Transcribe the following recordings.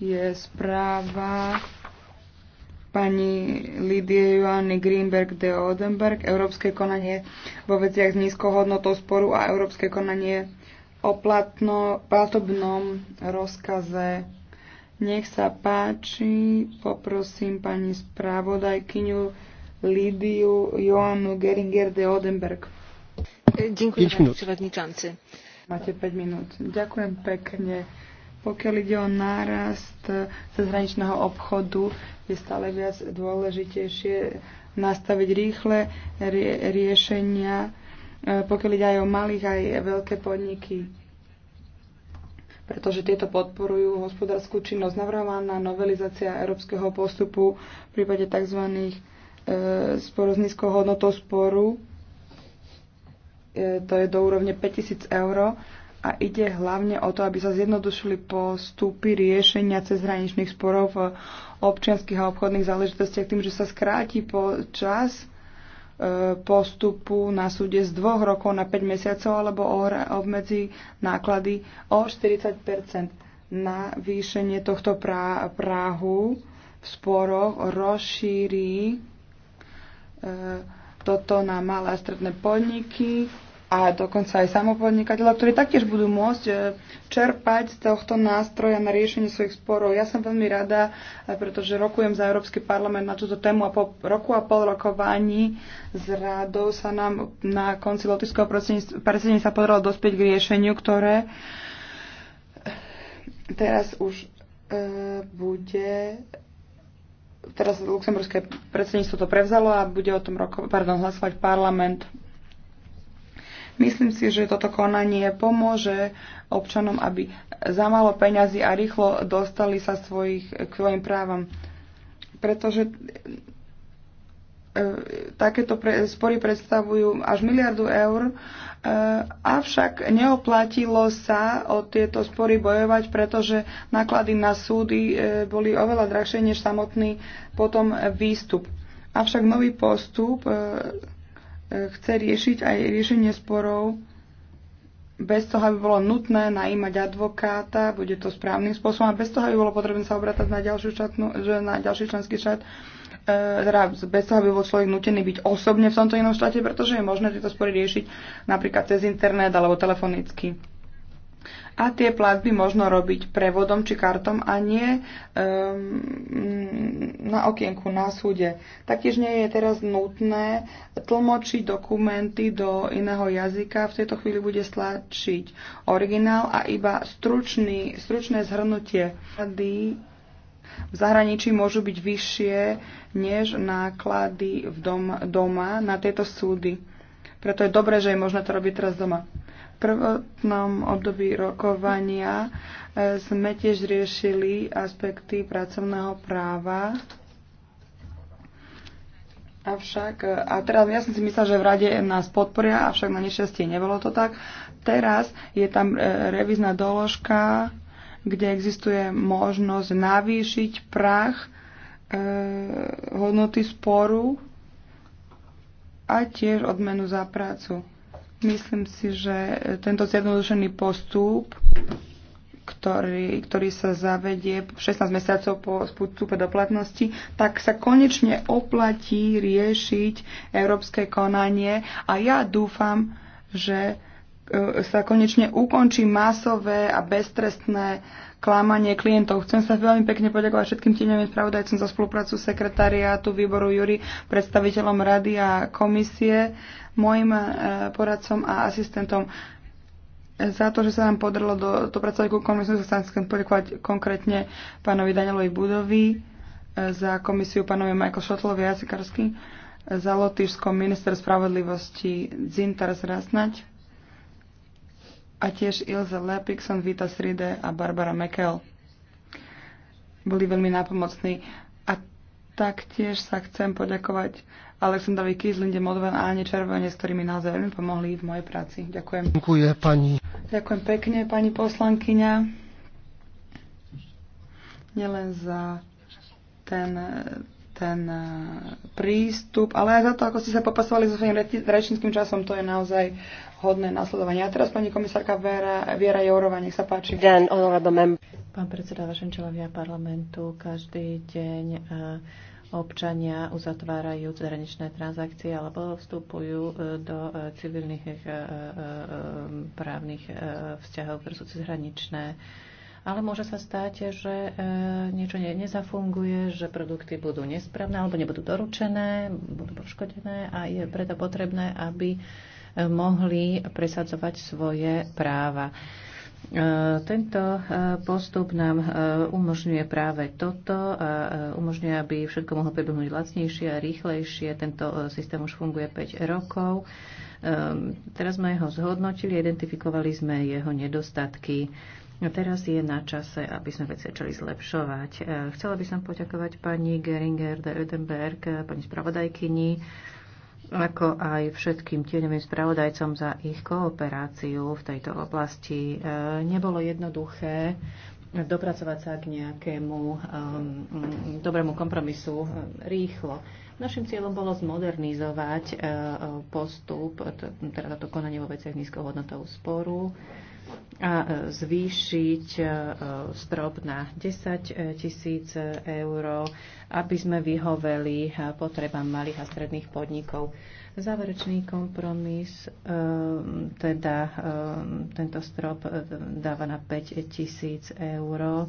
je správa pani Lidie Joanny Greenberg de Odenberg, Európske konanie vo veciach s nízkou hodnotou sporu a Európske konanie o platno, platobnom rozkaze. Nech sa páči, poprosím pani správodajkyňu Lidiu Joannu Geringer de Odenberg. Ďakujem, pani predsedajúci. Máte 5 minút. Ďakujem pekne pokiaľ ide o nárast e, cezhraničného obchodu, je stále viac dôležitejšie nastaviť rýchle rie- riešenia, e, pokiaľ ide aj o malých, aj veľké podniky pretože tieto podporujú hospodárskú činnosť. Navrhovaná novelizácia európskeho postupu v prípade tzv. E, sporu s nízkou hodnotou sporu, to je do úrovne 5000 eur, a ide hlavne o to, aby sa zjednodušili postupy riešenia cezhraničných sporov v občianských a obchodných záležitostiach tým, že sa skráti po čas e, postupu na súde z dvoch rokov na 5 mesiacov alebo obmedzi náklady o 40 na výšenie tohto prá- práhu v sporoch rozšíri e, toto na malé a stredné podniky, a dokonca aj samopodnikateľov, ktorí taktiež budú môcť e, čerpať z tohto nástroja na riešenie svojich sporov. Ja som veľmi rada, e, pretože rokujem za Európsky parlament na túto tému a po roku a pol rokovaní s radou sa nám na konci lotického predsedenia sa podarilo dospieť k riešeniu, ktoré teraz už e, bude teraz luxemburské predsedníctvo to prevzalo a bude o tom roko, pardon, hlasovať parlament Myslím si, že toto konanie pomôže občanom, aby za malo peňazí a rýchlo dostali sa svojich, k svojim právam. Pretože e, takéto pre, spory predstavujú až miliardu eur, e, avšak neoplatilo sa o tieto spory bojovať, pretože náklady na súdy e, boli oveľa drahšie než samotný potom výstup. Avšak nový postup chce riešiť aj riešenie sporov bez toho, aby bolo nutné najímať advokáta, bude to správnym spôsobom a bez toho, aby bolo potrebné sa obratať na, ďalšiu štátnu, na ďalší členský štát, e, teda bez toho, aby bol človek nutený byť osobne v tomto inom štáte, pretože je možné tieto spory riešiť napríklad cez internet alebo telefonicky a tie platby možno robiť prevodom či kartom a nie um, na okienku na súde. Taktiež nie je teraz nutné tlmočiť dokumenty do iného jazyka. V tejto chvíli bude stlačiť originál a iba stručný, stručné zhrnutie rady v zahraničí môžu byť vyššie než náklady v dom, doma na tieto súdy. Preto je dobré, že je možné to robiť teraz doma prvotnom období rokovania e, sme tiež riešili aspekty pracovného práva. Avšak, e, a teraz ja som si myslela, že v rade nás podporia, avšak na nešťastie nebolo to tak. Teraz je tam e, revízna doložka, kde existuje možnosť navýšiť prach e, hodnoty sporu a tiež odmenu za prácu. Myslím si, že tento zjednodušený postup, ktorý, ktorý sa zavedie 16 mesiacov po vstupe do platnosti, tak sa konečne oplatí riešiť európske konanie a ja dúfam, že E, sa konečne ukončí masové a beztrestné klamanie klientov. Chcem sa veľmi pekne poďakovať všetkým tieňovým spravodajcom za spoluprácu sekretariátu výboru Jury, predstaviteľom rady a komisie, mojim e, poradcom a asistentom za to, že sa nám podarilo do, dopracovať ku komisiu, sa chcem poďakovať konkrétne pánovi Danielovi Budovi, e, za komisiu pánovi Michael Šotlovi a Sikarsky, za Lotyšskom minister spravodlivosti Zintar Zrasnať a tiež Ilze Lepikson, Vita Sride a Barbara Mekel. Boli veľmi nápomocní. A taktiež sa chcem poďakovať Aleksandrovi Kizlinde, Modven a Ani Červene, s ktorými naozaj veľmi pomohli v mojej práci. Ďakujem. Ďakujem, pani. Ďakujem pekne, pani poslankyňa. Nielen za ten ten eh, prístup, ale aj za to, ako ste sa popasovali so svojím rečníckým časom, to je naozaj hodné nasledovanie. A teraz pani komisárka Vera, Viera Jourova, nech sa páči. Den, Pán predseda, vašem čelovia parlamentu, každý deň eh, občania uzatvárajú zahraničné transakcie alebo vstupujú eh, do civilných právnych vzťahov, ktoré sú cezhraničné. hraničné ale môže sa stať, že e, niečo nezafunguje, že produkty budú nesprávne alebo nebudú doručené, budú poškodené a je preto potrebné, aby e, mohli presadzovať svoje práva. E, tento postup nám umožňuje práve toto, umožňuje, aby všetko mohlo prebehnúť lacnejšie a rýchlejšie. Tento systém už funguje 5 rokov. Teraz sme ho zhodnotili, identifikovali sme jeho nedostatky. No teraz je na čase, aby sme veci začali zlepšovať. E, chcela by som poďakovať pani Geringer de Ödenberg, e, pani spravodajkyni, ako aj všetkým tieňovým spravodajcom za ich kooperáciu v tejto oblasti. E, nebolo jednoduché dopracovať sa k nejakému um, dobrému kompromisu um, rýchlo. Našim cieľom bolo zmodernizovať uh, postup, teda toto konanie vo veciach nízkou sporu. sporu a e, zvýšiť e, e, strop na 10 tisíc eur, aby sme vyhoveli potrebám malých a stredných podnikov. Záverečný kompromis, teda tento strop dáva na 5 tisíc eur.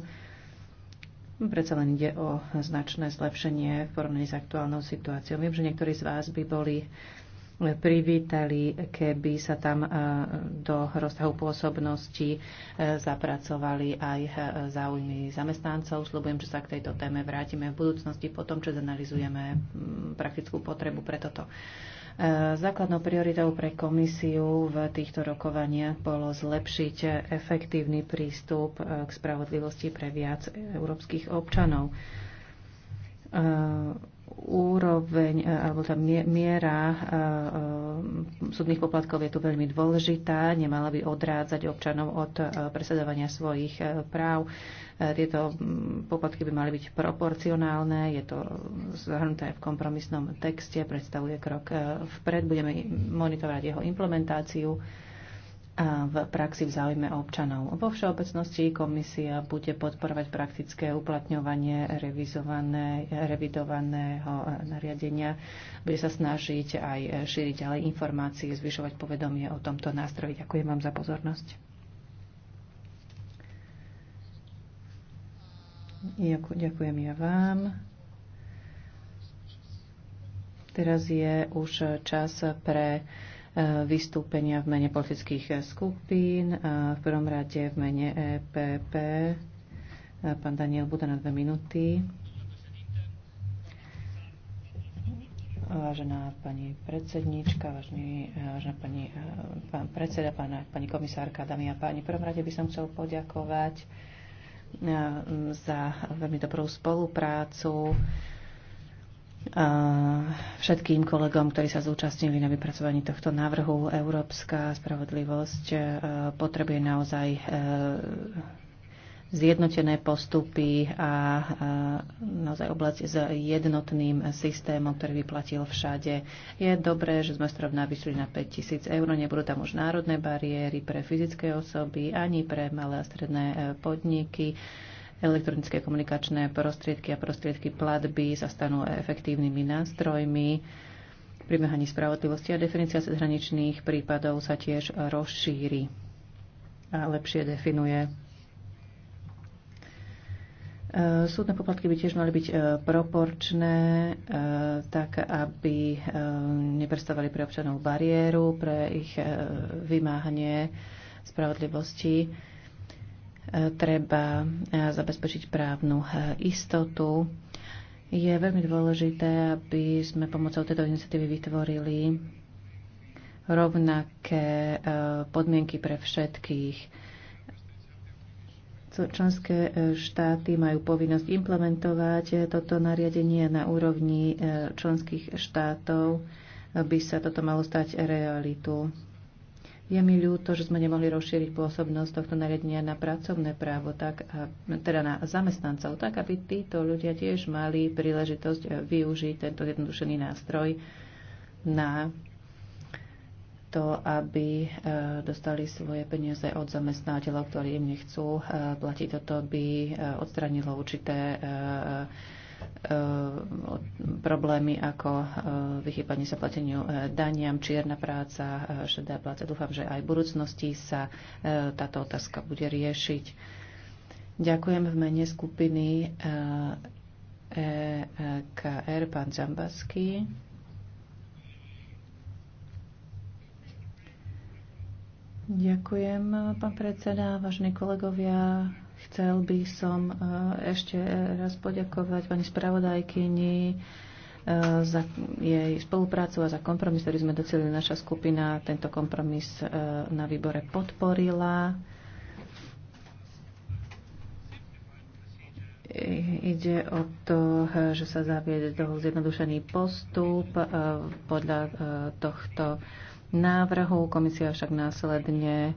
Predsa len ide o značné zlepšenie v porovnaní s aktuálnou situáciou. Viem, že niektorí z vás by boli privítali, keby sa tam e, do rozsahu pôsobnosti e, zapracovali aj e, záujmy zamestnancov. Sľubujem, že sa k tejto téme vrátime v budúcnosti po tom, čo zanalizujeme praktickú potrebu pre toto. Základnou prioritou pre komisiu v týchto rokovaniach bolo zlepšiť efektívny prístup k spravodlivosti pre viac európskych občanov úroveň e, alebo tá miera e, e, súdnych poplatkov je tu veľmi dôležitá, nemala by odrádzať občanov od presadovania svojich práv. Tieto poplatky by mali byť proporcionálne, je to zahrnuté v kompromisnom texte, predstavuje krok vpred, budeme monitorovať jeho implementáciu a v praxi v záujme občanov. Vo všeobecnosti komisia bude podporovať praktické uplatňovanie revidovaného nariadenia. Bude sa snažiť aj šíriť ďalej informácie, zvyšovať povedomie o tomto nástroji. Ďakujem vám za pozornosť. Ďakujem ja vám. Teraz je už čas pre vystúpenia v mene politických skupín. V prvom rade v mene EPP pán Daniel Buda na dve minúty. Vážená pani predsedníčka, vážený, vážená pani eh, pán predseda, pán, pani komisárka, dámy a páni, prvom rade by som chcel poďakovať eh, za veľmi dobrú spoluprácu Eh, všetkým kolegom, ktorí sa zúčastnili na vypracovaní tohto návrhu. Európska spravodlivosť eh, potrebuje naozaj eh, zjednotené postupy a naozaj oblasť s jednotným systémom, ktorý by platil všade. Je dobré, že sme strop navýšili na 5000 eur, nebudú tam už národné bariéry pre fyzické osoby ani pre malé a stredné podniky Elektronické komunikačné prostriedky a prostriedky platby sa stanú efektívnymi nástrojmi pri mehaní spravodlivosti a definícia cezhraničných prípadov sa tiež rozšíri a lepšie definuje. E, súdne poplatky by tiež mali byť e, proporčné, e, tak aby neprestávali pre občanov bariéru, pre ich vymáhanie spravodlivosti treba e, zabezpečiť právnu e, istotu. Je veľmi dôležité, aby sme pomocou tejto iniciatívy vytvorili rovnaké e, podmienky pre všetkých. Členské štáty majú povinnosť implementovať toto nariadenie na úrovni členských štátov, aby sa toto malo stať realitu. Je mi ľúto, že sme nemohli rozšíriť pôsobnosť tohto nariadenia na pracovné právo, tak, teda na zamestnancov, tak aby títo ľudia tiež mali príležitosť e, využiť tento jednodušený nástroj na to, aby e, dostali svoje peniaze od zamestnávateľov, ktorí im nechcú e, platiť. Toto by odstranilo určité E, problémy ako e, vychýbanie sa plateniu e, daniam, čierna práca, šedá práca. Dúfam, že aj v budúcnosti sa táto otázka bude riešiť. Ďakujem v mene skupiny EKR, pán Zambasky. Ďakujem, pán predseda, vážení kolegovia, Chcel by som e, ešte raz poďakovať pani spravodajkyni e, za jej spoluprácu a za kompromis, ktorý sme docelili. Naša skupina tento kompromis e, na výbore podporila. Ide o to, že sa zaviede toho zjednodušený postup podľa tohto návrhu. Komisia však následne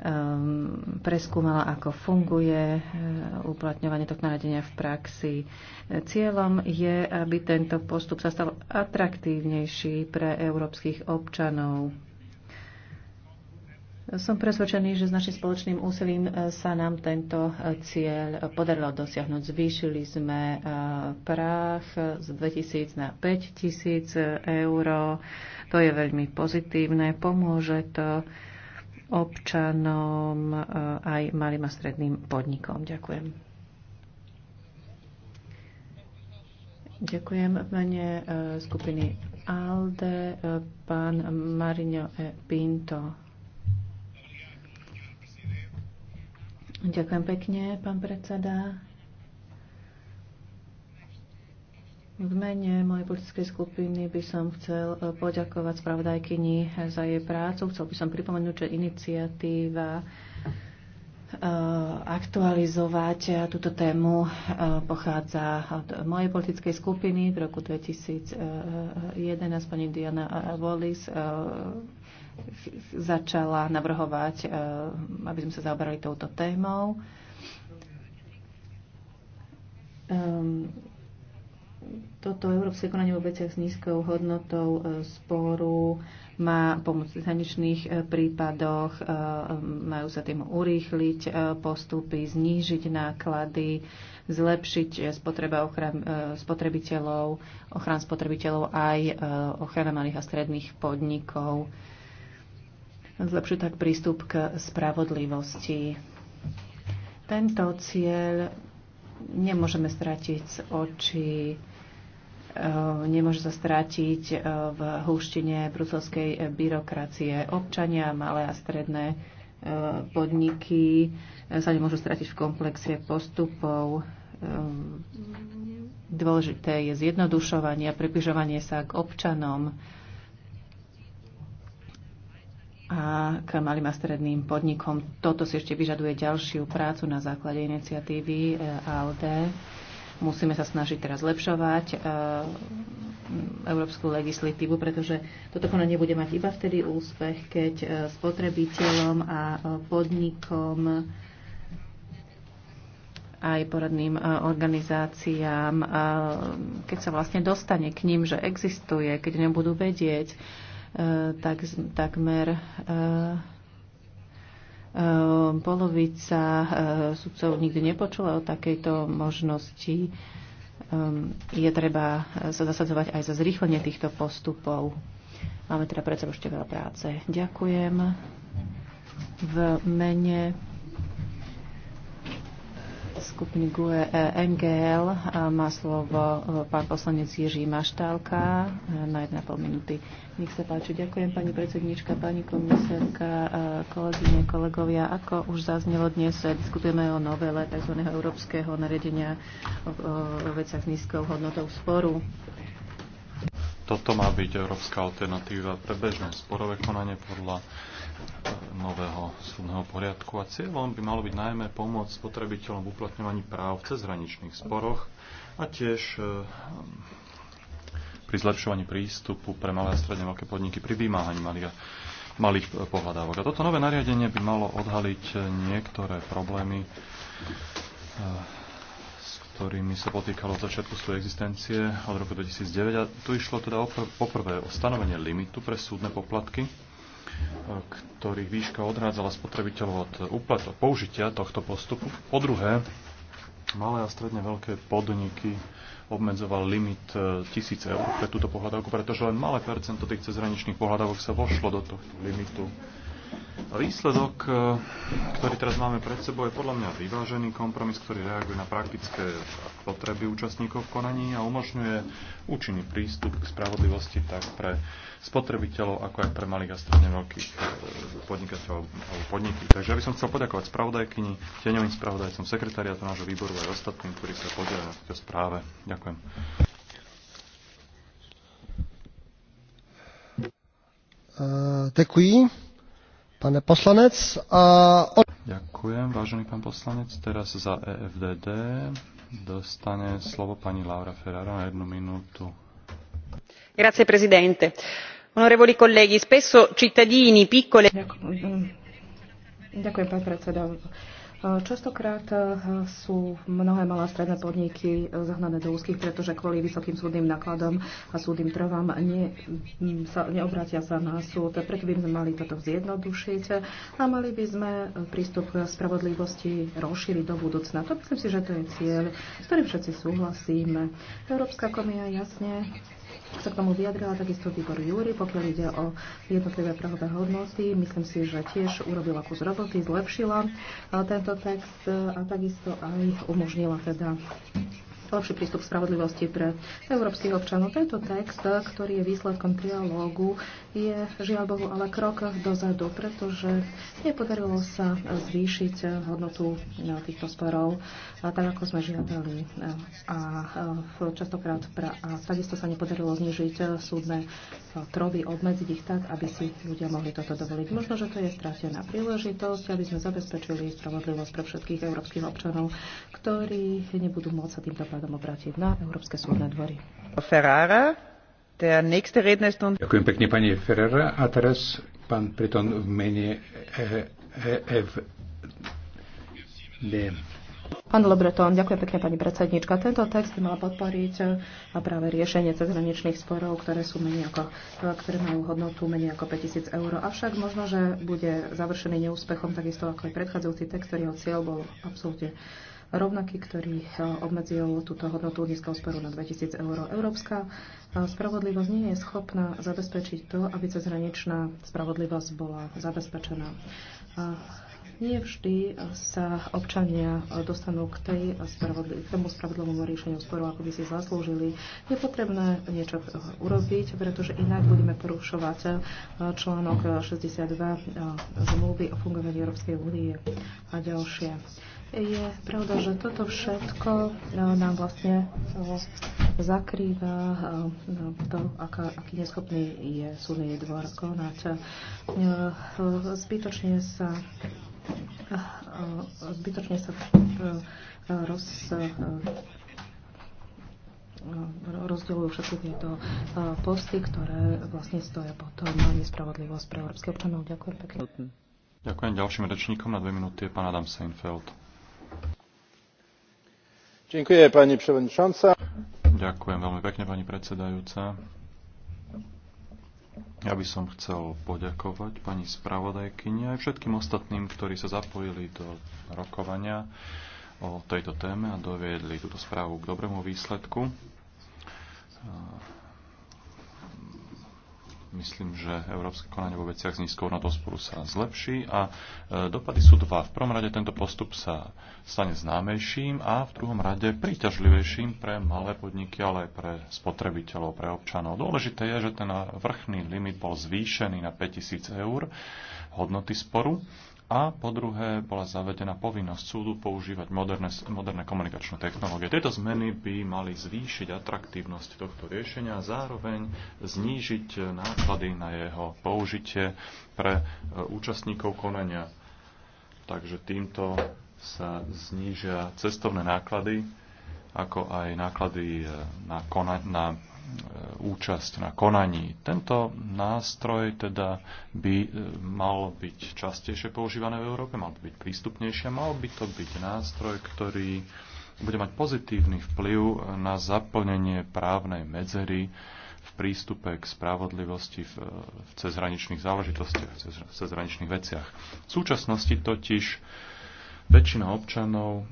Ehm, preskúmala, ako funguje e, uplatňovanie tohto nariadenia v praxi. Cieľom je, aby tento postup sa stal atraktívnejší pre európskych občanov. Som presvedčený, že s našim spoločným úsilím e, sa nám tento e, cieľ podarilo dosiahnuť. Zvýšili sme práh z 2000 na 5000 eur. To je veľmi pozitívne. Pomôže to občanom, e, aj malým a stredným podnikom. Ďakujem. Ďakujem v mene e, skupiny ALDE, e, pán Marino E. Pinto. Ďakujem pekne, pán predseda. V mene mojej politickej skupiny by som chcel e, poďakovať spravodajkyni za jej prácu. Chcel by som pripomenúť, že iniciatíva e, aktualizovať e, túto tému pochádza od mojej politickej skupiny v roku 2011 pani Diana Wallis začala navrhovať, aby sme sa zaoberali touto témou. Ehm, toto európske konanie vo veciach s nízkou hodnotou e, sporu má pomôcť v zahraničných e, prípadoch, e, majú sa tým urýchliť postupy, znížiť náklady, zlepšiť spotreba ochran, spotrebiteľov, ochran spotrebiteľov aj ochrana malých a stredných podnikov. Zlepšiť tak prístup k spravodlivosti. Tento cieľ nemôžeme stratiť z očí Eh, nemôže sa strátiť eh, v húštine bruselskej byrokracie. Občania, malé a stredné eh, podniky sa nemôžu stratiť v komplexe postupov. Dôležité je zjednodušovanie a približovanie sa k občanom a k malým a stredným podnikom. Toto si ešte vyžaduje ďalšiu prácu na základe iniciatívy ALD Musíme sa snažiť teraz zlepšovať eh, európsku legislatívu, pretože toto konanie bude mať iba vtedy úspech, keď eh, spotrebiteľom a eh, podnikom aj poradným organizáciám, keď sa vlastne dostane k ním, že existuje, keď nebudú vedieť, tak, takmer Ehm, polovica ehm, sudcov nikdy nepočula o takejto možnosti. Ehm, je treba eh, sa zasadzovať aj za zrýchlenie týchto postupov. Máme teda sebou ešte veľa práce. Ďakujem. V mene skupiny GUE eh, NGL má slovo eh, pán poslanec Jiří Maštálka eh, na 1,5 minúty. Nech sa páči. Ďakujem pani predsednička, pani komisárka, kolegyne, kolegovia. Ako už zaznelo dnes, diskutujeme o novele tzv. európskeho nariadenia o veciach s nízkou hodnotou sporu. Toto má byť európska alternatíva pre bežné sporové konanie podľa nového súdneho poriadku a cieľom by malo byť najmä pomôcť spotrebiteľom v uplatňovaní práv v cezhraničných sporoch a tiež e, pri zlepšovaní prístupu pre malé a stredne veľké podniky pri vymáhaní malých, malých pohľadávok. A toto nové nariadenie by malo odhaliť niektoré problémy, e, s ktorými sa potýkalo od začiatku svojej existencie od roku 2009. A tu išlo teda poprvé o stanovenie limitu pre súdne poplatky, ktorých výška odrádzala spotrebiteľov od úplatov použitia tohto postupu. Po druhé, malé a stredne veľké podniky obmedzoval limit 1000 e, eur pre túto pohľadávku, pretože len malé percento tých cezhraničných pohľadávok sa vošlo do tohto limitu Výsledok, e, ktorý teraz máme pred sebou, je podľa mňa vyvážený kompromis, ktorý reaguje na praktické potreby účastníkov v konaní a umožňuje účinný prístup k spravodlivosti tak pre spotrebiteľov, ako aj pre malých a stredne veľkých e, podnikateľov alebo podniky. Takže ja by som chcel poďakovať spravodajkyni, tieňovým spravodajcom, sekretariatu nášho výboru aj ostatným, ktorí sa podielajú na tejto správe. Ďakujem. Uh, ďakujem. Pane poslanec. A... Ďakujem, vážený pán poslanec. Teraz za EFDD dostane slovo pani Laura Ferrara na jednu minútu. Grazie, presidente. Onorevoli colleghi, spesso cittadini piccole... Ďakujem, Ďakujem pán predseda Častokrát eh, sú mnohé malé stredné podniky eh, zahnané do úzkých, pretože kvôli vysokým súdnym nákladom a súdnym trvám ne, mm, sa, neobrátia sa na súd. Preto by sme mali toto zjednodušiť a mali by sme eh, prístup k spravodlivosti rozšíriť do budúcna. To myslím si, že to je cieľ, s ktorým všetci súhlasíme. Európska komia jasne sa k tomu vyjadrila, takisto výbor Júri, pokiaľ ide o jednotlivé prahové hodnosti, Myslím si, že tiež urobila kus roboty, zlepšila eh, tento text eh, a takisto aj umožnila teda lepší prístup spravodlivosti pre európskych občanov. Tento text, ktorý je výsledkom trialógu, je žiaľ Bohu ale krok dozadu, pretože nepodarilo sa zvýšiť hodnotu eh, týchto sporov, tak ako sme žiadali. A eh, častokrát pra, a takisto sa nepodarilo znižiť eh, súdne troby, obmedziť ich tak, aby si ľudia mohli toto dovoliť. Možno, že to je stratená príležitosť, aby sme zabezpečili spravodlivosť pre všetkých európskych občanov, ktorí nebudú môcť sa týmto páčom pádom obrátiť na Európske súdne dvory. Ferrara, der nächste Redner ist Ďakujem pekne, pani Ferrara. A teraz pán Priton v mene EFD. Eh, eh, pán Lebreton, ďakujem pekne pani predsednička. Tento text by mal podporiť eh, práve riešenie cezhraničných sporov, ktoré, sú menej ako, ktoré majú hodnotu menej ako 5000 eur. Avšak možno, že bude završený neúspechom, takisto ako aj predchádzajúci text, ktorý jeho cieľ bol absolútne rovnaký, ktorý eh, obmedzil túto hodnotu nízkeho sporu na 2000 eur. Európska eh, spravodlivosť nie je schopná zabezpečiť to, aby cezhraničná spravodlivosť bola zabezpečená. Eh, nie vždy sa občania dostanú k, tej k tomu spravodlivému riešeniu sporu, ako by si zaslúžili. Je potrebné niečo urobiť, pretože inak budeme porušovať článok 62 zmluvy o fungovaní Európskej únie a ďalšie. Je pravda, že toto všetko e, nám vlastne e, zakrýva e, no, to, aká, aký neschopný je súdny dvor konať. Zbytočne sa zbytočne sa roz rozdeľujú všetky tieto posty, ktoré vlastne stoja potom nespravodlivosť pre európskych občanov. Ďakujem pekne. Ďakujem ďalším rečníkom. Na dve minúty je pán Adam Seinfeld. Ďakujem, pani predsedajúca. Ďakujem veľmi pekne, pani predsedajúca. Ja by som chcel poďakovať pani spravodajkyni aj všetkým ostatným, ktorí sa zapojili do rokovania o tejto téme a doviedli túto správu k dobrému výsledku myslím, že európske konanie vo veciach s nízkou hodnotou sporu sa zlepší a e, dopady sú dva. V prvom rade tento postup sa stane známejším a v druhom rade príťažlivejším pre malé podniky, ale aj pre spotrebiteľov, pre občanov. Dôležité je, že ten vrchný limit bol zvýšený na 5000 eur hodnoty sporu a po druhé bola zavedená povinnosť súdu používať moderné, moderné komunikačné technológie. Tieto zmeny by mali zvýšiť atraktívnosť tohto riešenia a zároveň znížiť náklady na jeho použitie pre e, účastníkov konania. Takže týmto sa znížia cestovné náklady, ako aj náklady e, na, kona- na E, účasť na konaní. Tento nástroj teda by e, mal byť častejšie používané v Európe, mal by byť prístupnejšie, mal by to byť nástroj, ktorý bude mať pozitívny vplyv na zaplnenie právnej medzery v prístupe k spravodlivosti v, v cezhraničných záležitostiach, v cezhraničných veciach. V súčasnosti totiž väčšina občanov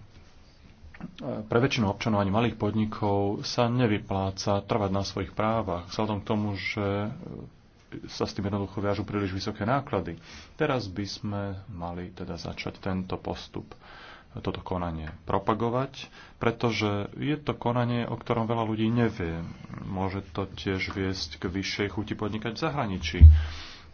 pre väčšinu občanov ani malých podnikov sa nevypláca trvať na svojich právach, vzhľadom k tomu, že sa s tým jednoducho viažu príliš vysoké náklady. Teraz by sme mali teda začať tento postup, toto konanie propagovať, pretože je to konanie, o ktorom veľa ľudí nevie. Môže to tiež viesť k vyššej chuti podnikať v zahraničí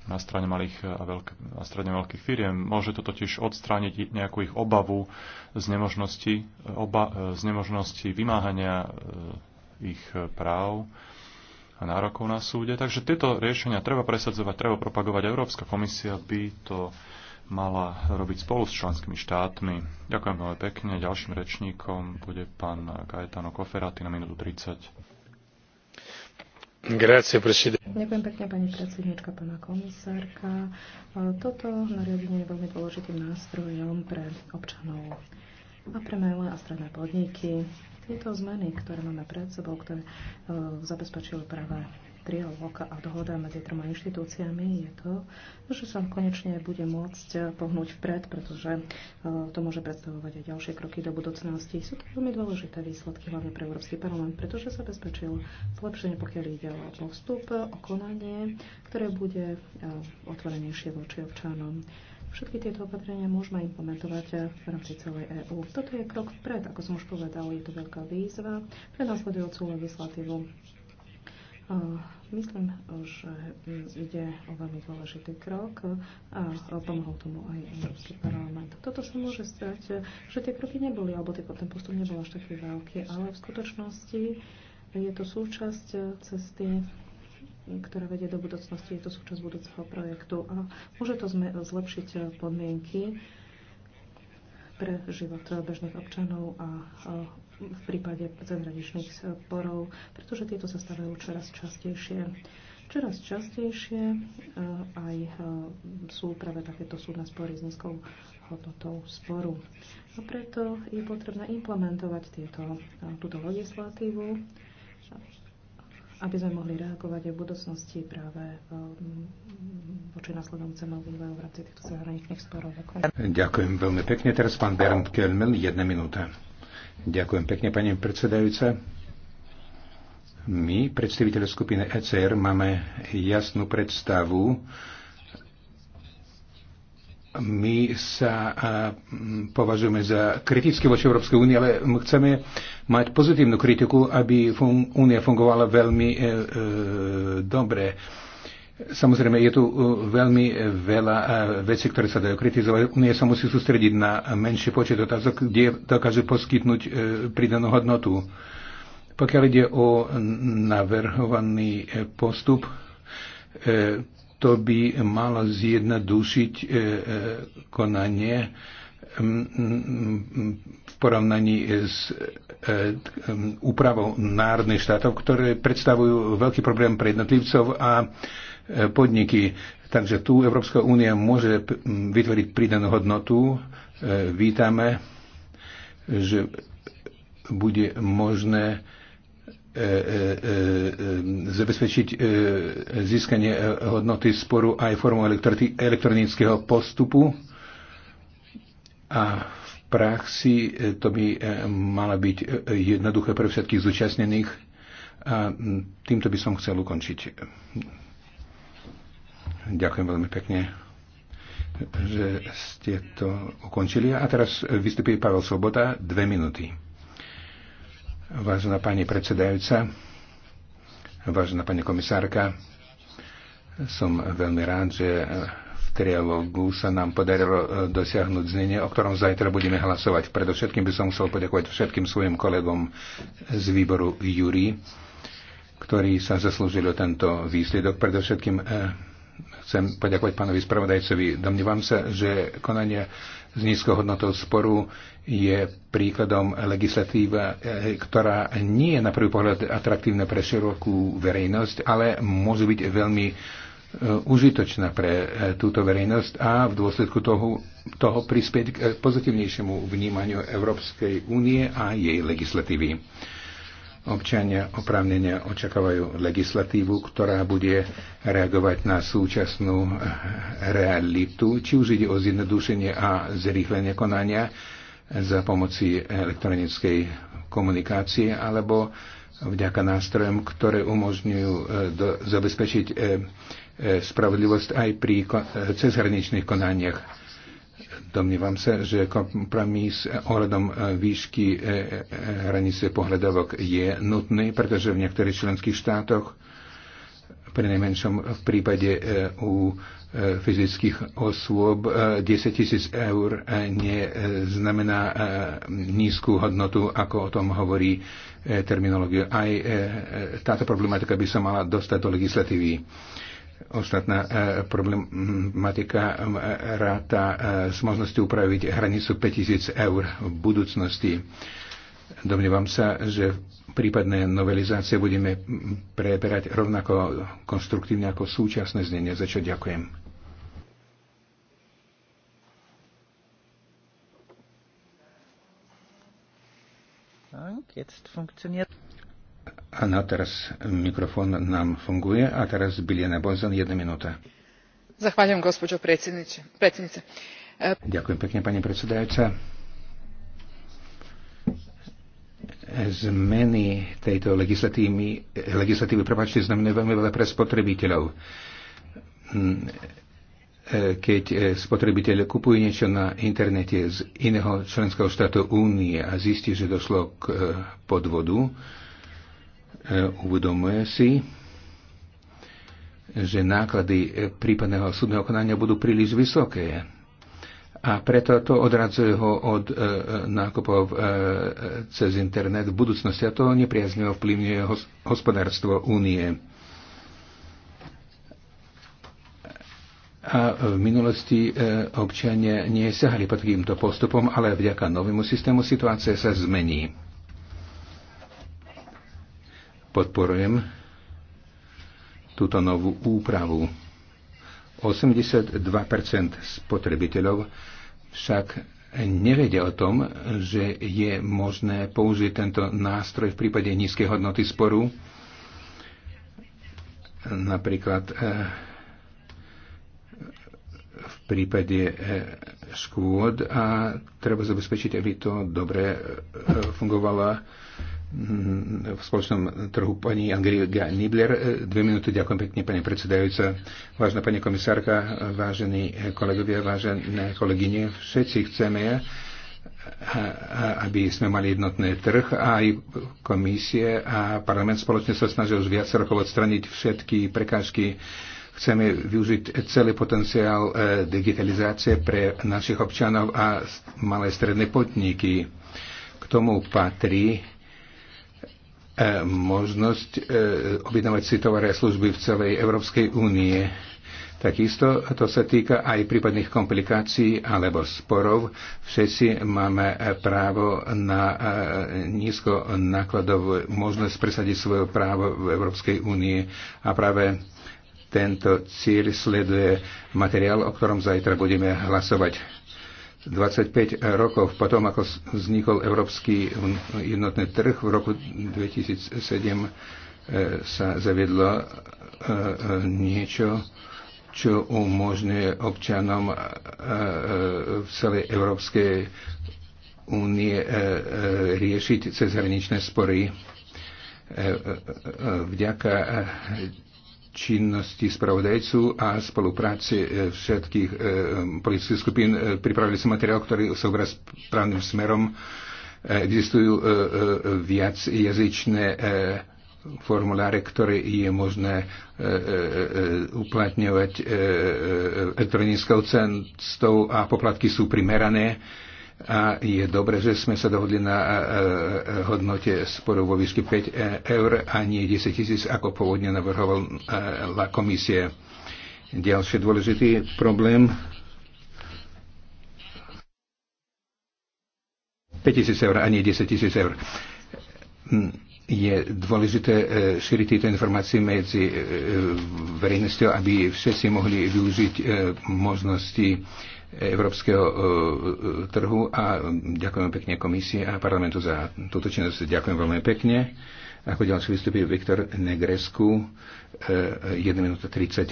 na strane malých eh, a, veľk- na strane veľkých firiem. Môže to totiž odstrániť nejakú ich obavu z nemožnosti, eh, oba, eh, z nemožnosti vymáhania ich práv a nárokov na súde. Takže tieto riešenia treba presadzovať, treba propagovať. Európska komisia by to mala robiť spolu s členskými štátmi. Ďakujem veľmi pekne. Ďalším rečníkom bude pán Gaetano Koferati na minútu 30. Ďakujem pekne, pani predsednička, pána komisárka. E, toto nariadenie je veľmi dôležitým nástrojom pre občanov a pre malé a stredné podniky. Tieto zmeny, ktoré máme pred sebou, ktoré e, zabezpečili práve trialog a dohoda medzi troma inštitúciami je to, že sa konečne bude môcť eh, pohnúť vpred, pretože eh, to môže predstavovať aj ďalšie kroky do budúcnosti. Sú to veľmi dôležité výsledky, hlavne pre Európsky parlament, pretože sa bezpečil zlepšenie, pokiaľ ide o postup, o konanie, ktoré bude eh, otvorenejšie voči občanom. Všetky tieto opatrenia môžeme implementovať v rámci celej EÚ. Toto je krok vpred, ako som už povedal, je to veľká výzva pre následujúcu legislatívu Eh, myslím, že mm, ide o veľmi dôležitý krok a pomohol tomu aj Európsky parlament. Toto sa môže stať, že tie kroky neboli, alebo ten postup nebol až taký veľký, ale v skutočnosti je to súčasť cesty, ktorá vedie do budúcnosti, je to súčasť budúceho projektu a môže to zlepšiť podmienky pre život bežných občanov a eh, v prípade zahraničných sporov, pretože tieto sa stavajú čoraz častejšie. Čoraz častejšie eh, aj eh, sú práve takéto súdne spory s nízkou hodnotou sporu. A preto je potrebné implementovať tieto, eh, túto legislatívu, aby sme mohli reagovať aj v budúcnosti práve voči následujúcemu vývoju v rámci týchto zahraničných sporov. Ďakujem veľmi pekne. Teraz pán Bernd Kelmel, jedna minúta. Ďakujem pekne, pani predsedajúca. My, predstaviteľe skupiny ECR, máme jasnú predstavu. My sa považujeme za kritické voči Európskej únie, ale my chceme mať pozitívnu kritiku, aby fun- únia fungovala veľmi e, e, dobre Samozrejme, je tu uh, veľmi uh, veľa uh, vecí, ktoré sa dajú kritizovať. Unie sa musí sústrediť na menší počet otázok, kde dokáže poskytnúť pridanú hodnotu. Pokiaľ ide o navrhovaný postup, to by malo zjednodušiť konanie um, um, v porovnaní s um, úpravou národných štátov, ktoré predstavujú veľký problém pre jednotlivcov a E, podniky. Takže tu Európska únia môže vytvoriť pridanú hodnotu. E, vítame, že bude možné e, zabezpečiť získanie hodnoty sporu aj formou elektronického postupu a v praxi to by mala byť jednoduché pre všetkých zúčastnených a týmto by som chcel ukončiť. Ďakujem veľmi pekne, že ste to ukončili. A teraz vystupí Pavel Sloboda, dve minúty. Vážená pani predsedajúca, vážená pani komisárka, som veľmi rád, že v trialogu sa nám podarilo e, dosiahnuť znenie, o ktorom zajtra budeme hlasovať. Predovšetkým by som chcel poďakovať všetkým svojim kolegom z výboru Júri, ktorí sa zaslúžili o tento výsledok. Predovšetkým e, chcem poďakovať pánovi spravodajcovi. Domnívam sa, že konanie s nízkou hodnotou sporu je príkladom legislatíva, eh, ktorá nie je na prvý pohľad atraktívna pre širokú verejnosť, ale môže byť veľmi eh, užitočná pre eh, túto verejnosť a v dôsledku toho, toho prispieť k pozitívnejšiemu vnímaniu Európskej únie a jej legislatívy. Občania oprávnenia očakávajú legislatívu, ktorá bude reagovať na súčasnú realitu, či už ide o zjednodušenie a zrýchlenie konania za pomoci elektronickej komunikácie alebo vďaka nástrojom, ktoré umožňujú e, zabezpečiť e, e, spravodlivosť aj pri cezhraničných konaniach Domnievam sa, že kompromis ohľadom e, výšky e, e, hranice pohľadovok je nutný, pretože v niektorých členských štátoch, pri najmenšom v prípade u fyzických osôb, 10 tisíc eur neznamená nízku hodnotu, ako o tom hovorí terminológia. Aj táto problematika by sa mala dostať do legislatívy ostatná e, problematika e, ráta e, s možnosťou upraviť hranicu 5000 eur v budúcnosti. Domnievam sa, že prípadné novelizácie budeme preberať rovnako konstruktívne ako súčasné znenie, za čo ďakujem. Jetzt funktioniert. Áno, teraz mikrofón nám funguje a teraz Biliana Bonzan, jedna minúta. Zahvaľujem, gospođo predsednice. Ďakujem pekne, pani predsedajúca. Zmeny tejto legislatívy, legislatívy prepáčte, znamenajú veľmi veľa pre spotrebiteľov keď spotrebiteľ kupuje niečo na internete z iného členského štátu únie a zistí, že došlo k podvodu, E, uvedomuje si, že náklady e, prípadného súdneho konania budú príliš vysoké. A preto to odradzuje ho od e, e nákupov e, cez internet v budúcnosti a to nepriazne ovplyvňuje hos, hospodárstvo únie. A v minulosti e, občania nesahali pod týmto postupom, ale vďaka novému systému situácia sa zmení. Podporujem túto novú úpravu. 82% spotrebiteľov však nevedia o tom, že je možné použiť tento nástroj v prípade nízkej hodnoty sporu. Napríklad eh, v prípade eh, škôd a treba zabezpečiť, aby to dobre eh, fungovalo v spoločnom trhu pani Angelika Nibler. Dve minúty, ďakujem pekne, pani predsedajúca. Vážna pani komisárka, vážení kolegovia, vážené kolegyne, všetci chceme, aby sme mali jednotný trh a aj komisie a parlament spoločne sa snažil už viac rokov odstraniť všetky prekážky chceme využiť celý potenciál e, digitalizácie pre našich občanov a malé stredné podniky. K tomu patrí E, možnosť e, objednávať si tovaré služby v celej Európskej únie. Takisto to sa týka aj prípadných komplikácií alebo sporov. Všetci máme právo na e, nízko nákladovú možnosť presadiť svoje právo v Európskej únie a práve tento cieľ sleduje materiál, o ktorom zajtra budeme hlasovať. 25 rokov potom, ako vznikol Európsky jednotný trh v roku 2007, e, sa zaviedlo e, e, niečo, čo umožňuje občanom v celej Európskej únie riešiť cezhraničné spory vďaka činnosti spravodajcu a spolupráci e, všetkých e, politických skupín. E, pripravili sme materiál, ktorý sa obraz správnym smerom. Existujú viac jazyčné formuláre, ktoré je možné uplatňovať elektronickou cestou a poplatky sú primerané a je dobre, že sme sa dohodli na e, e, hodnote sporu vo výške 5 e, eur a nie 10 tisíc, ako pôvodne navrhovala komisie. Ďalší dôležitý problém tisíc eur a nie 10 tisíc eur. Hm, je dôležité šíriť tieto informácie medzi verejnosťou, aby všetci mohli využiť možnosti európskeho e, e, trhu a ďakujem pekne komisii a parlamentu za túto činnosť. Ďakujem veľmi pekne. Ako ďalší vystupí Viktor Negresku, 1 e, minúta 30.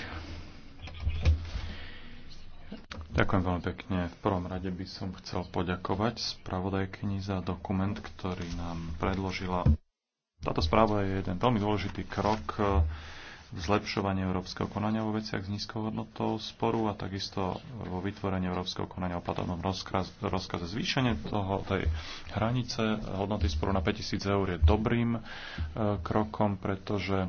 Ďakujem veľmi pekne. V prvom rade by som chcel poďakovať spravodajkyni za dokument, ktorý nám predložila. Táto správa je jeden veľmi dôležitý krok zlepšovanie európskeho konania vo veciach s nízkou hodnotou sporu a takisto vo vytvorení európskeho konania o platobnom rozkaz, rozkaze. Zvýšenie toho, tej hranice hodnoty sporu na 5000 eur je dobrým e, krokom, pretože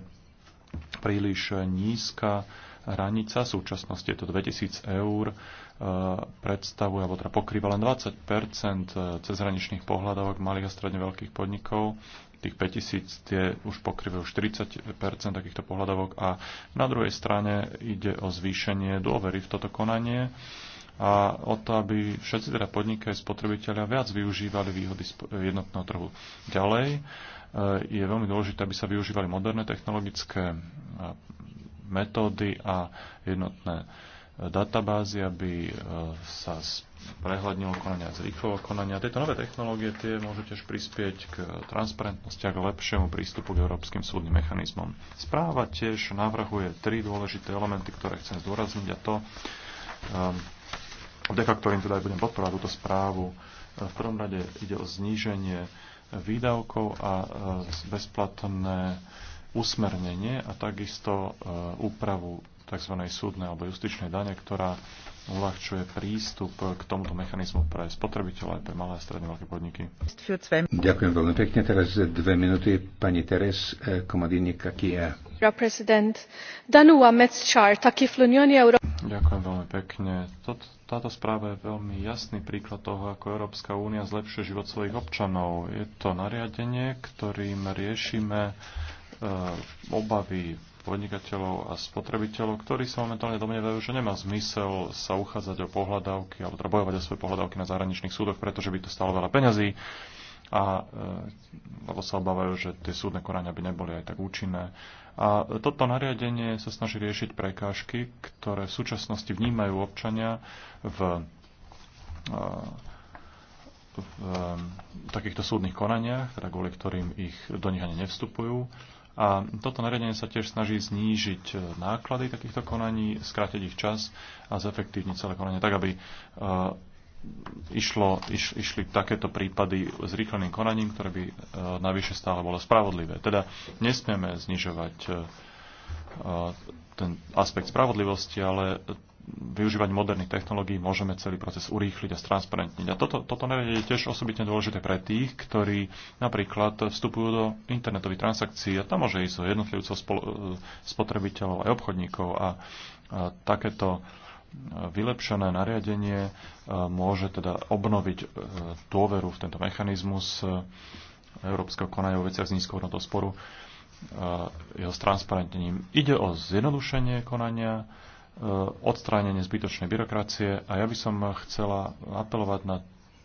príliš nízka hranica, v súčasnosti je to 2000 eur, e, predstavuje, alebo teda pokrýva len 20 e, cezhraničných pohľadávok malých a stredne veľkých podnikov, tých 5000 tie už pokrývajú 40 takýchto pohľadavok a na druhej strane ide o zvýšenie dôvery v toto konanie a o to, aby všetci teda podniky aj spotrebitelia viac využívali výhody jednotného trhu. Ďalej e, je veľmi dôležité, aby sa využívali moderné technologické metódy a jednotné e, databázy, aby e, sa prehľadnilo konania, zrýchlilo konania. Tieto nové technológie tie môžu tiež prispieť k transparentnosti a k lepšiemu prístupu k európskym súdnym mechanizmom. Správa tiež navrhuje tri dôležité elementy, ktoré chcem zdôrazniť a to, e, vďaka ktorým teda aj budem podporovať túto správu. V prvom rade ide o zníženie výdavkov a bezplatné usmernenie a takisto e, úpravu tzv. súdnej alebo justičnej dane, ktorá uľahčuje prístup k tomuto mechanizmu pre spotrebiteľa aj pre malé a stredne veľké podniky. Ďakujem veľmi pekne. Teraz dve minúty pani Teres e, e. aký je? Ďakujem veľmi pekne. Toto, táto správa je veľmi jasný príklad toho, ako Európska únia zlepšuje život svojich občanov. Je to nariadenie, ktorým riešime Eh, obavy podnikateľov a spotrebiteľov, ktorí sa momentálne domnievajú, že nemá zmysel sa uchádzať o pohľadávky alebo teda bojovať o svoje pohľadávky na zahraničných súdoch, pretože by to stalo veľa peňazí a eh, lebo sa obávajú, že tie súdne konania by neboli aj tak účinné. A toto nariadenie sa snaží riešiť prekážky, ktoré v súčasnosti vnímajú občania v, eh, v takýchto súdnych konaniach, teda kvôli ktorým ich do nich ani nevstupujú. A toto nariadenie sa tiež snaží znížiť e, náklady takýchto konaní, skrátiť ich čas a zefektívniť celé konanie tak, aby e, išlo, iš, išli takéto prípady s rýchleným konaním, ktoré by e, navyše stále bolo spravodlivé. Teda nesmieme znižovať e, ten aspekt spravodlivosti, ale využívať moderných technológií, môžeme celý proces urýchliť a stransparentniť. A toto, toto je tiež osobitne dôležité pre tých, ktorí napríklad vstupujú do internetových transakcií a tam môže ísť o jednotlivcov, e, spotrebiteľov aj obchodníkov a, a takéto e, vylepšené nariadenie e, môže teda obnoviť dôveru v tento mechanizmus Európskeho konania o veciach z nízkou hodnotou sporu jeho stransparentnením. Ide o zjednodušenie konania, Eh, odstránenie zbytočnej byrokracie a ja by som chcela apelovať na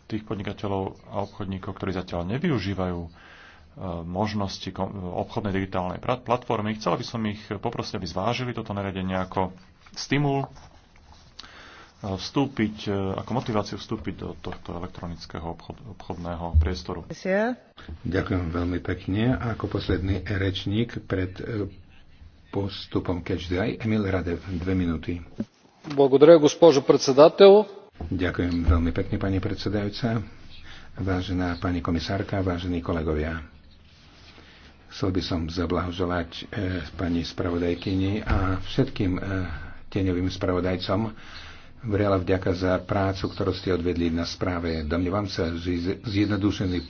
tých podnikateľov a obchodníkov, ktorí zatiaľ nevyužívajú eh, možnosti obchodnej digitálnej platformy. Chcela by som ich poprosiť, aby zvážili toto nariadenie ako stimul eh, vstúpiť, ako motiváciu vstúpiť do tohto elektronického obchod, obchodného priestoru. Ďakujem veľmi pekne. A ako posledný rečník pred postupom Catch the Emil Radev, dve minúty. Ďakujem veľmi pekne, pani predsedajúca, vážená pani komisárka, vážení kolegovia. Chcel by som zablahoželať e, pani spravodajkyni a všetkým e, tieňovým spravodajcom veľa vďaka za prácu, ktorú ste odvedli na správe. Domnievam sa, že zjednodušený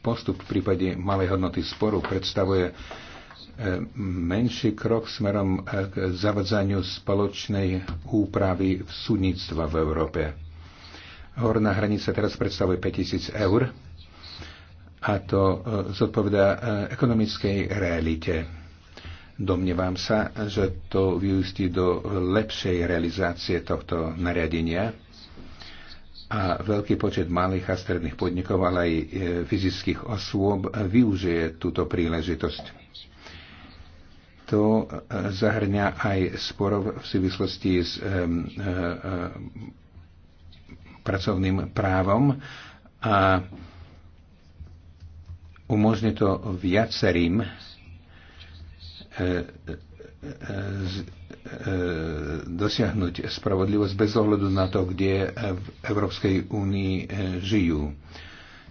postup v prípade malej hodnoty sporu predstavuje E, menší krok smerom e, k zavadzaniu spoločnej úpravy v súdnictva v Európe. Horná hranica teraz predstavuje 5000 eur a to e, zodpovedá ekonomickej realite. Domnievam sa, že to vyústi do lepšej realizácie tohto nariadenia a veľký počet malých a stredných podnikov, ale aj fyzických osôb využije túto príležitosť to eh, zahrňa aj sporov v súvislosti s eh, eh, pracovným právom a umožní to viacerým dosiahnuť spravodlivosť bez ohľadu na to, kde v Európskej únii žijú.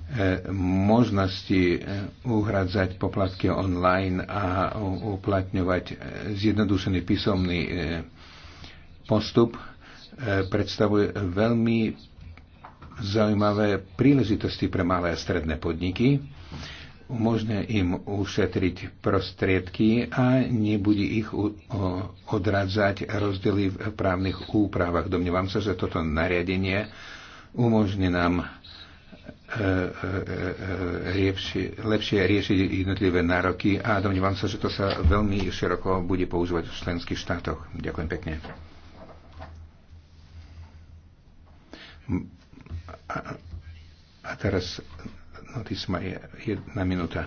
E, možnosti e, uhradzať poplatky online a uplatňovať e, zjednodušený písomný postup predstavuje veľmi zaujímavé príležitosti pre malé a stredné podniky. Umožňuje im ušetriť prostriedky a nebude ich odradzať rozdiely v právnych úpravách. Domnievam sa, že toto nariadenie umožní nám E, e, e, riepši, lepšie riešiť jednotlivé nároky a domnívam sa, že to sa veľmi široko bude používať v členských štátoch. Ďakujem pekne. A, a teraz notis ma je jedna minúta.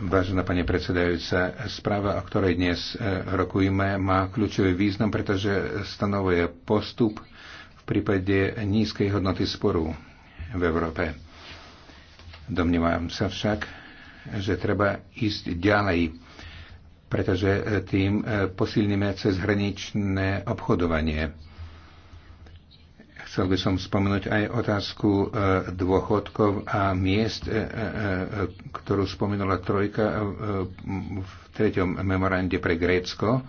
Vážená pani predsedajúca, správa, o ktorej dnes e, rokujeme, má kľúčový význam, pretože stanovuje postup v prípade nízkej hodnoty sporu v Európe. domnievam sa však, že treba ísť ďalej, pretože tým e, posilníme cezhraničné obchodovanie Chcel by som spomenúť aj otázku e, dôchodkov a miest, e, e, ktorú spomenula Trojka v treťom memorande pre Grécko.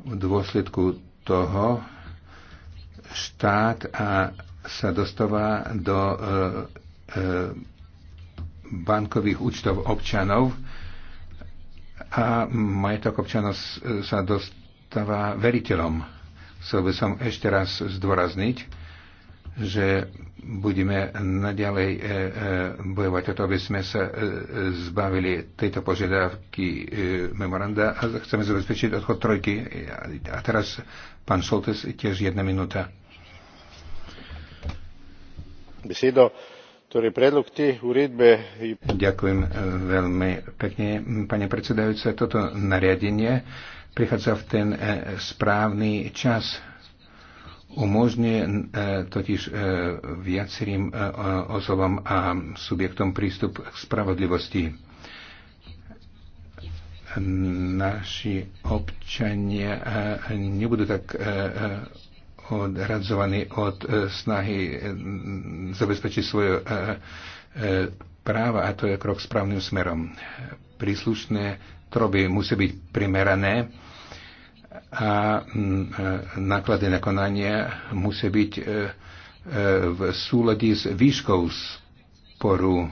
V dôsledku toho štát a sa dostáva do bankových účtov občanov a majetok občanov sa dostáva veriteľom chcel by som ešte raz zdôrazniť, že budeme naďalej e, e, bojovať o to, aby sme sa e, zbavili tejto požiadavky memoranda a chceme zabezpečiť odchod trojky. A teraz pán Šoltes, tiež jedna minúta. Besedo. Torej, predlog te uredbe... Ďakujem veľmi pekne, pani predsedajúce. Toto nariadenie prichádza v ten správny čas umožňuje e, totiž e, viacerým e, osobom a subjektom prístup k spravodlivosti. Naši občania nebudú tak odradzovaní od snahy zabezpečiť svoje práva a to je krok správnym smerom. Príslušné troby musí byť primerané a mm, e, náklady na konanie musia byť e, e, v súlade s výškou sporu.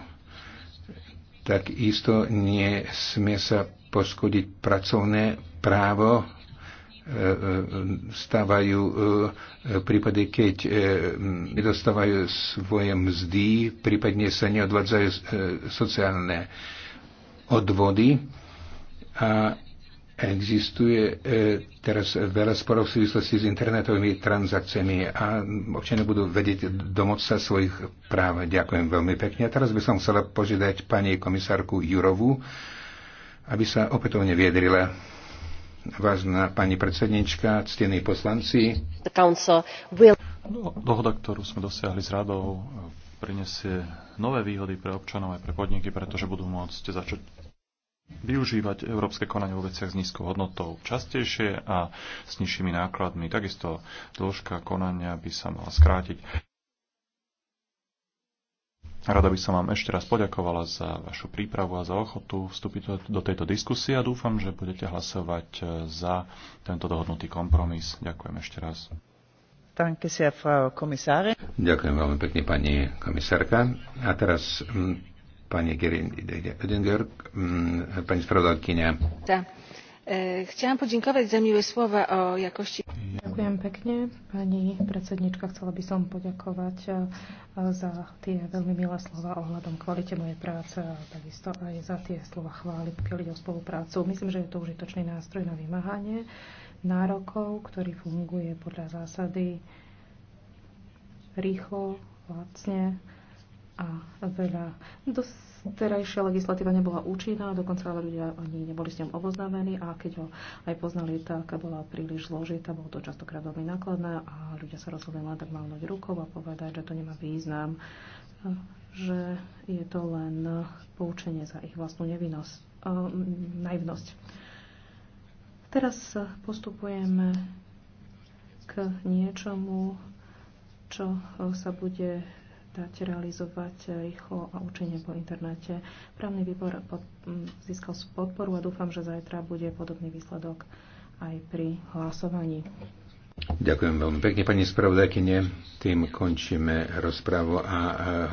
Tak Takisto nesmie sa poškodiť pracovné právo stávajú prípady, keď mm, nedostávajú svoje mzdy, prípadne sa neodvádzajú sociálne odvody a Existuje e, teraz veľa sporov v súvislosti s internetovými transakciami a občania budú vedieť domoc sa svojich práv. Ďakujem veľmi pekne. A teraz by som chcela požiadať pani komisárku Jurovu, aby sa opätovne viedrila. Vážna pani predsednička, ctení poslanci. No, dohoda, ktorú sme dosiahli s radou, prinesie nové výhody pre občanov aj pre podniky, pretože budú môcť začať využívať európske konanie vo veciach s nízkou hodnotou častejšie a s nižšími nákladmi. Takisto dĺžka konania by sa mala skrátiť. Rada by som vám ešte raz poďakovala za vašu prípravu a za ochotu vstúpiť do tejto diskusie a dúfam, že budete hlasovať e, za tento dohodnutý kompromis. Ďakujem ešte raz. Ďakujem veľmi pekne, pani komisárka. A teraz mm, pani Geringer, mm, pani spravodajkynia. E, chciałam podziękować za miłe słowa o jakości. Ďakujem pekne, pani predsednička. Chcela by som poďakovať e, za tie veľmi milé slova ohľadom kvalite mojej práce a takisto aj za tie slova chvály, pokiaľ ide o spoluprácu. Myslím, že je to užitočný nástroj na vymáhanie nárokov, ktorý funguje podľa zásady rýchlo, lacne a veľa. Dosterajšia legislatíva nebola účinná, dokonca ale ľudia ani neboli s ňom oboznámení a keď ho aj poznali, tak bola príliš zložitá, bolo to častokrát veľmi nákladné a ľudia sa rozhodli len tak mávnuť rukou a povedať, že to nemá význam, že je to len poučenie za ich vlastnú nevinnosť, naivnosť. Teraz postupujeme k niečomu, čo sa bude dať realizovať eh, rýchlo a účinne po internete. Právny výbor pod, m, mm, získal podporu a dúfam, že zajtra bude podobný výsledok aj pri hlasovaní. Ďakujem veľmi pekne, pani spravodajkyne. Tým končíme rozprávu a eh,